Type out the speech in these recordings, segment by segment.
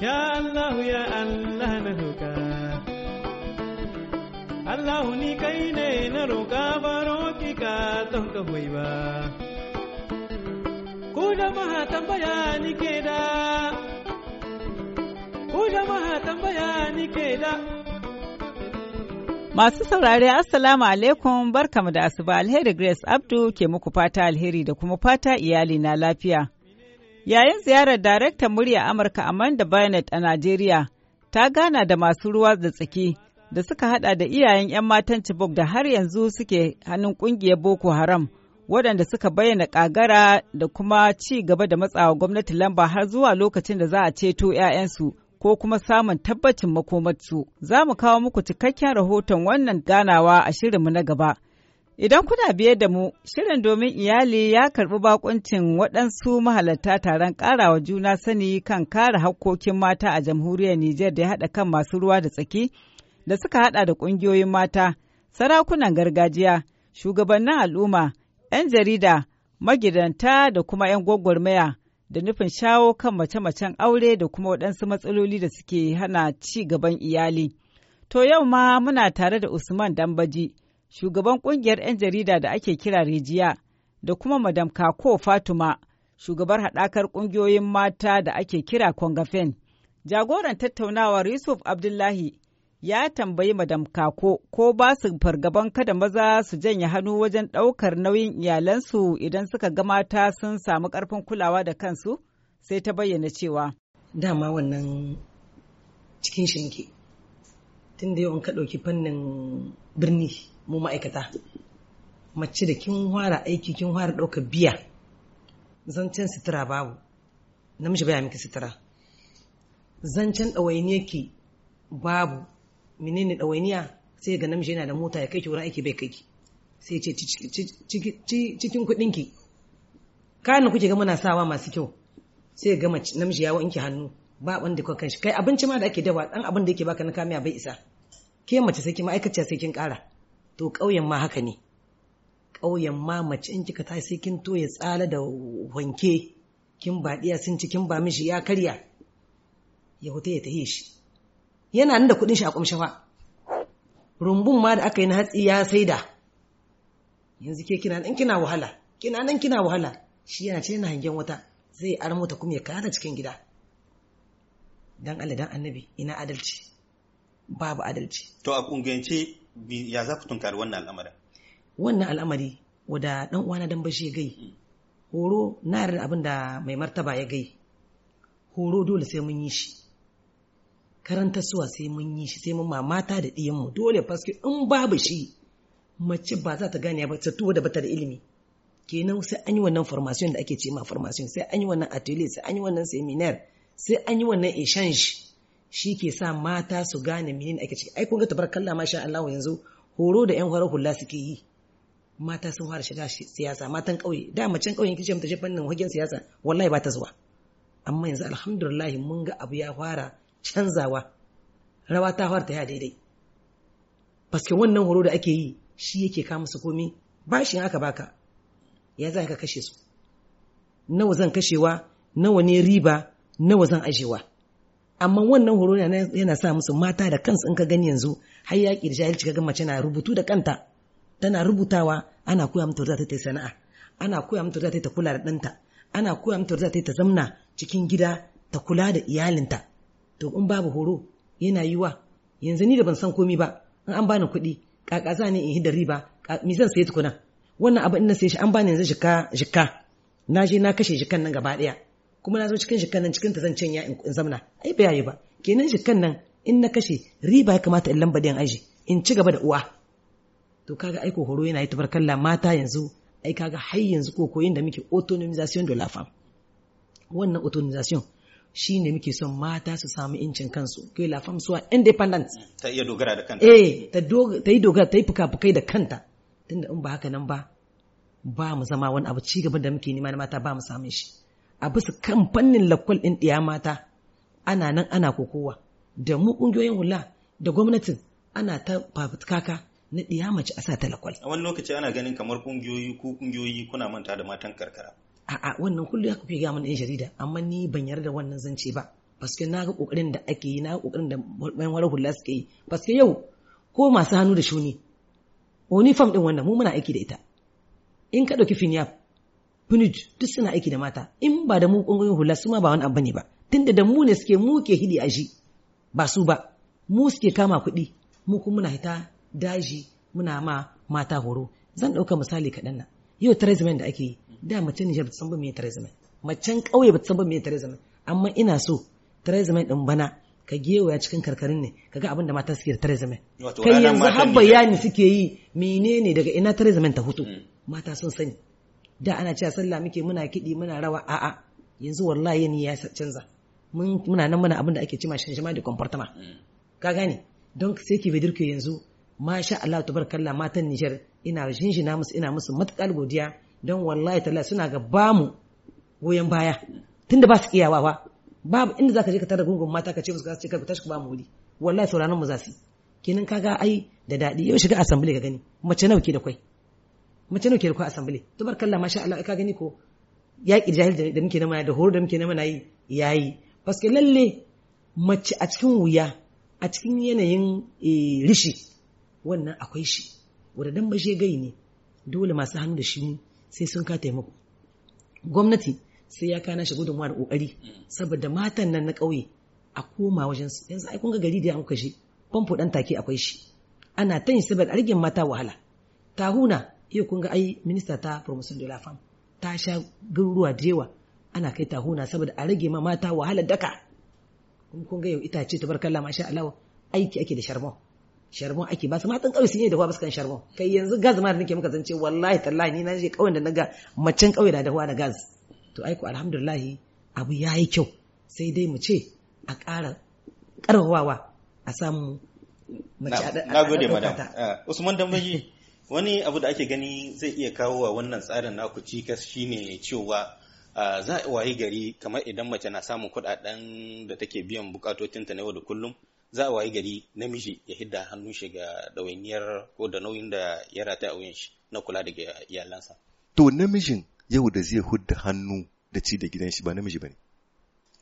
Ya Allah ya Allah na roƙa Allah ni kai ne na roƙa ba, roƙi ka don ka hoyi ba Ku jama'a tambaya ni ke da Ku jama'a tambaya ni ke da Masu saurare Assalamu alaikum barkamu da asuba alheri Grace Abdu ke muku fata alheri da kuma fata iyali na lafiya. Yayin ziyarar daraktan murya Amurka Amanda Bennett a Najeriya, ta gana da masu ruwa da tsaki da suka hada da iyayen 'yan matan Chibok da har yanzu suke hannun kungiyar Boko Haram, waɗanda suka bayyana ƙagara da kuma ci gaba da matsawa gwamnati lamba har zuwa lokacin da za a ceto 'ya'yansu ko kuma samun tabbacin makomarsu. Za mu kawo muku cikakken rahoton wannan ganawa a shirinmu na gaba. Idan kuna biye da mu, shirin domin iyali ya karɓi bakuncin waɗansu mahalarta taron ƙarawa juna sani kan kare hakkokin mata a jamhuriyar Nijar da ya haɗa kan masu ruwa da tsaki da suka haɗa da ƙungiyoyin mata, sarakunan gargajiya, shugabannin al'umma, 'yan jarida, magidanta da kuma 'yan gwagwarmaya da nufin shawo kan mace-macen aure da kuma waɗansu matsaloli da suke hana ci gaban iyali. To yau ma muna tare da Usman Dambaji. shugaban kungiyar 'yan jarida da ake kira rijiya da kuma madam kako fatuma shugabar haɗakar ƙungiyoyin mata da ake kira kongafen jagoran tattaunawar yusuf abdullahi ya tambayi madam kako ko ba su fargaban kada maza su janye hannu wajen ɗaukar nauyin iyalansu idan suka ga mata sun samu ƙarfin kulawa da kansu sai ta bayyana cewa dama wannan cikin shinge tun da yau ka ɗauki fannin birni mu ma'aikata mace da kin fara aiki kin fara ɗaukar biya zancen sutura babu namiji baya miki sutura zancen ɗawainiya ki babu menene ɗawainiya sai ga namiji yana da mota ya kai ki wurin aiki bai kai ki sai ce cikin kuɗin ki kayan kuke ga muna sawa masu kyau sai ga namiji ya wanke hannu ba wanda kuka kai abinci ma da ake dawa dan abin da yake baka na kamiya bai isa ke mace sai ki ma'aikaciya sai kin ƙara to ƙauyen ma haka ne ƙauyen ma mace in kika tashi sai kin ya tsala da wanke kin ba diya sun ci kin ba mishi ya karya ya huta ya tahe shi yana nan da kuɗin shi a ƙumshe fa rumbun ma da aka yi na hatsi ya saida yanzu ke kina nan kina wahala kina nan kina wahala shi yana ce yana hangen wata zai armo ta kuma ya kada cikin gida dan Allah dan annabi ina adalci babu adalci to a kungiyance ya za ku tunkari wannan al'amarin wannan al'amari wada dan uwana dan bashi gai hmm. horo na yarda abin da mai martaba ya gai horo dole sai mun yi shi karanta suwa sai mun yi shi sai mun mamata da mu dole faske in babu shi mace ba za ta gane ba ta tuwa da bata da ilimi kenan sai an yi wannan formation da ake ce ma formation sai an yi wannan atelier sai an yi wannan seminar sai an yi wannan exchange shi ke sa mata su gane menene ake ciki ai kun ga kalla masha Allah yanzu horo da yan horar hula suke yi mata sun fara shiga siyasa matan ƙauye da macen ƙauyen kice mata shafan fannin hagen siyasa wallahi ba ta zuwa amma yanzu alhamdulillah mun ga abu ya fara canzawa rawa ta fara ta ya daidai paske wannan horo da ake yi shi yake kama su komi bashin aka baka ya za ka kashe su nawa zan kashewa nawa ne riba nawa zan ajewa amma wannan horo yana sa musu mata da kansu in ka gani yanzu har yaƙi da jahilci ga mace na rubutu da kanta tana rubutawa ana koya mata za ta yi sana'a ana koya mata za ta yi ta kula da ɗanta ana koya mata za ta yi ta zamna cikin gida ta kula da iyalinta to in babu horo yana yiwa yanzu ni da ban san komi ba in an bani kuɗi za ne in hidda riba mi zan sayi tukuna wannan abu in na sayi shi an bani yanzu jika jika na je na kashe jikan nan gaba ɗaya kuma na zo cikin jikan nan cikin ta zan canya in zamna ai ba yayi ba kenan jikan nan in na kashe riba ya kamata in lamba da aji in ci gaba da uwa to kaga aiko horo yana yi tabarkalla mata yanzu ai kaga har yanzu ko koyin da muke autonomization de la femme wannan autonomization shi ne muke son mata su samu incin kansu kai la femme soit independent ta iya dogara da kanta eh ta ta yi dogara ta yi fuka da kanta tunda in ba haka nan ba ba mu zama wani abu ci gaba da muke nema na mata ba mu samun shi a bisa kan fannin lakwal ɗin ɗiya mata ana nan ana kokowa da mu ƙungiyoyin hula da gwamnatin ana ta fafutkaka na ɗiya mace a sa ta lakwal. A wani lokaci ana ganin kamar ƙungiyoyi ko ƙungiyoyi kuna manta da matan karkara. A'a wannan kullum ya kuke gaya mana 'yan jarida amma ni ban yarda wannan zance ba. Paske na ga ƙoƙarin da ake yi na ga ƙoƙarin da bayan wani hula suke yi. Paske yau ko masu hannu da shuni. Oni fam ɗin wannan mu muna aiki da ita. In ka ɗauki finiyaf Pinuj duk suna aiki da mata in ba da mu kungiyoyin hula su ma ba wani abu ne ba tunda da mu ne suke mu ke hidi a ji ba su ba mu suke kama kuɗi mu kuma muna hita daji muna ma mata horo zan ɗauka misali kaɗan nan yau tarazimen da ake yi da mace Nijar ba ta san ba me tarazimen macen ƙauye ba ta san ba me tarazimen amma ina so tarazimen ɗin bana ka gewaya cikin karkarin ne ka ga abin da mata suke da tarazimen kai yanzu har bayani suke yi menene daga ina tarazimen ta hutu mm. mata sun sani da ana cewa sallah muke muna kiɗi muna rawa a'a yanzu wallahi ni ya canza mun muna nan muna abin da ake cima shanshama da comportama mm. ka gane don sai ki bidirke yanzu masha Allah tabarakallah matan Nijar ina jinjina musu ina musu matakal godiya don wallahi talla suna ga bamu goyon baya tunda ba su iyawa ba babu inda zaka je ka tara gungun mata ka ce musu ka ce ka tashi ba mu wuri wallahi sauraron mu za su kenan kaga ai da dadi yau shiga assembly ka gani mace nawa ke da kwai mace nawa ke da ku assembly to kalla masha Allah ka gani ko ya jahil da muke na da horo da muke na mana yi yayi paske lalle mace a cikin wuya a cikin yanayin eh, rishi wannan akwai shi wanda dan bashe gai ne dole masu hannu da shi sai sun ka taimako gwamnati sai ya kana shi gudunmuwa da kokari saboda matan nan na ƙauye a koma wajen su yanzu ai kun ga gari da an kuka shi famfo dan take akwai shi ana tani yin saboda argin mata wahala tahuna iya kun ga ai minista ta promotion de la femme ta sha garuruwa da yawa ana kai ta huna saboda a rage ma mata wahalar daka kuma kun ga yau itace tabarkalla masha Allah aiki ake da sharmo sharmo ake ba su matan kauye sun yi dahuwa ba su kan sharmo kai yanzu gas ma da nake muka zance wallahi tallahi ni na je kauyen da naga macen kauye da dahuwa da gas to aiko alhamdulillah abu yayi kyau sai dai mu ce a ƙara ƙarfafawa a samu mace a Na gode madam. Eh, Usman Dambaji wani abu da ake gani zai iya kawo wa wannan tsarin naku cikas shine cewa za a wayi gari kamar idan mace na samun kuɗaɗen da take biyan bukatotinta na yau da kullum za a wayi gari namiji ya hidda hannun shi ga ɗawainiyar ko da nauyin da ya rata a wuyan shi na kula da iyalansa. To namijin yau da zai hudda hannu da ci da gidan shi ba namiji ba ne.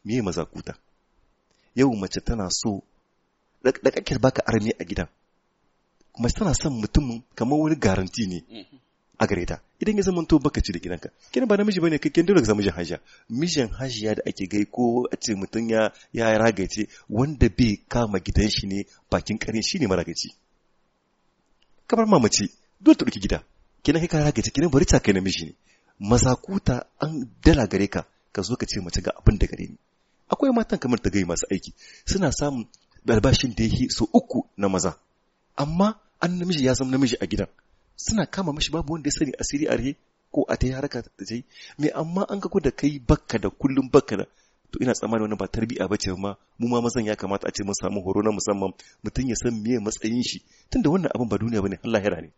Miye maza kuta? Yau mace tana so ɗaƙaƙir baka armi a gidan mace tana son mutumin kamar wani garanti ne a gare ta idan ya zama to baka ci da gidanka kina ba namiji bane kai dole ka zama mijin hajiya mijin hajiya da ake gai ko a ce mutum ya ya ragace wanda bai kama gidan shi ne bakin karin ne maragaci kamar mamaci dole ta dauki gida kina kai ka ragace kina bari ta kai namiji ne mazakuta an dala gare ka ka zo ka ce mace ga abin da gare ni akwai matan kamar ta gai masu aiki suna samun albashin da ya so uku na maza amma an namiji ya zama namiji a gidan suna kama mashi babu wanda ya sani asiri a rihe ko a ta yi haraka da ta yi mai amma an ga da kai bakka da kullum bakka da to ina tsammani wani ba tarbiya ba ce ma mu ma mazan ya kamata a ce mun samu horo na musamman mutum ya san meye matsayin shi tunda wannan abin ba duniya bane Allah ya ne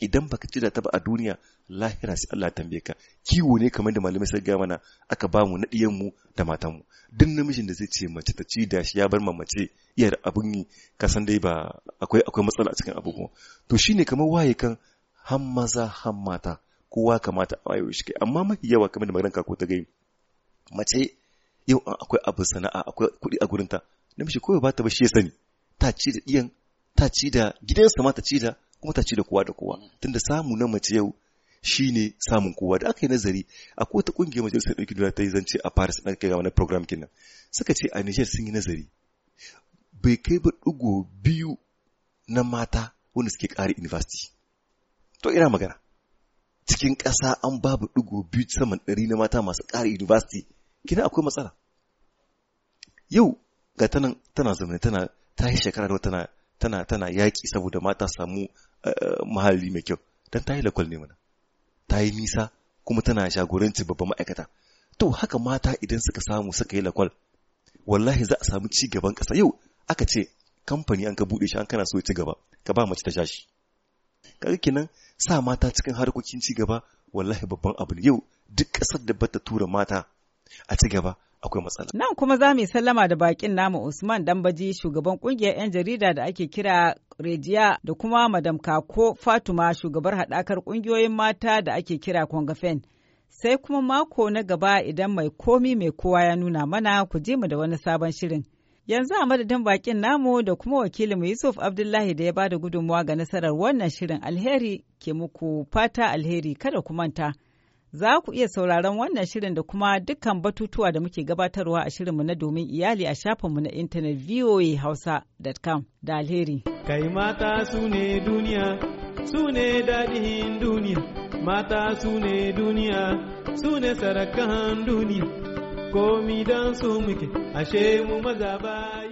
idan baka ci da ta ba a duniya lahira sai Allah tambaye ka kiwo ne kamar da malamai sai ga mana aka ba mu nadiyan mu da matan mu duk namijin da zai ce mace ta ci da shi ya bar mace iyar abun yi ka san dai ba akwai akwai matsala a cikin abubuwa to shine kamar waye kan han maza han mata kowa kamata a wayo shi kai amma mafi yawa kamar da maganar ko ta gai mace yau akwai abu sana'a akwai kuɗi a gurinta namiji ko ba ta ba shi ya sani ta ci da iyan ta ci da gidansa ma ta ci da kuma ta ci da kowa da kowa tunda samu na mace yau shine samun kowa da aka yi nazari akwai ta kungiyar sai ɗauki duniya ta yi zance a Paris ɗan kai wani program kenan suka ce a Niger sun yi nazari bai kai ba ɗigo biyu na mata wanda suke ƙari university to ina magana cikin ƙasa an babu ɗigo biyu saman ɗari na mata masu ƙari university kina akwai matsala yau ga tana tana zamani tana ta yi shekara da tana tana tana yaƙi saboda mata samu Eh, muhalli mai kyau don ta yi lakwal ne mana ta yi nisa kuma tana shagoranci babban ma'aikata to haka mata idan suka samu suka yi lakwal wallahi za a samu ci gaban ƙasa yau aka ce kamfani an ka buɗe shi an kana so ci gaba ka ba mace ta sha shi kaga kenan sa mata cikin harkokin ci gaba wallahi babban abu ne yau duk ƙasar da bata tura mata a ci gaba akwai matsala. Nan kuma za mu sallama da bakin namu Usman Dambaji shugaban kungiyar 'yan jarida da ake kira Rejiya da kuma Madam Kako Fatuma shugabar haɗakar ƙungiyoyin mata da ake kira Kongafen. Sai kuma mako na gaba idan mai komi mai kowa ya nuna mana ku ji mu da wani sabon shirin. Yanzu a madadin bakin namu da kuma wakilinmu Yusuf Abdullahi da ya bada gudunmawa ga nasarar wannan shirin alheri ke muku fata alheri kada ku manta. Za ku iya sauraron wannan shirin da kuma dukkan batutuwa da muke gabatarwa a shirinmu na domin iyali a shafinmu na intanet voahausa.com da alheri. Kai mata su ne duniya, su ne daɗin duniya, mata su ne duniya, su ne sarakan duniya, komi don su muke, ashe mu maza baya.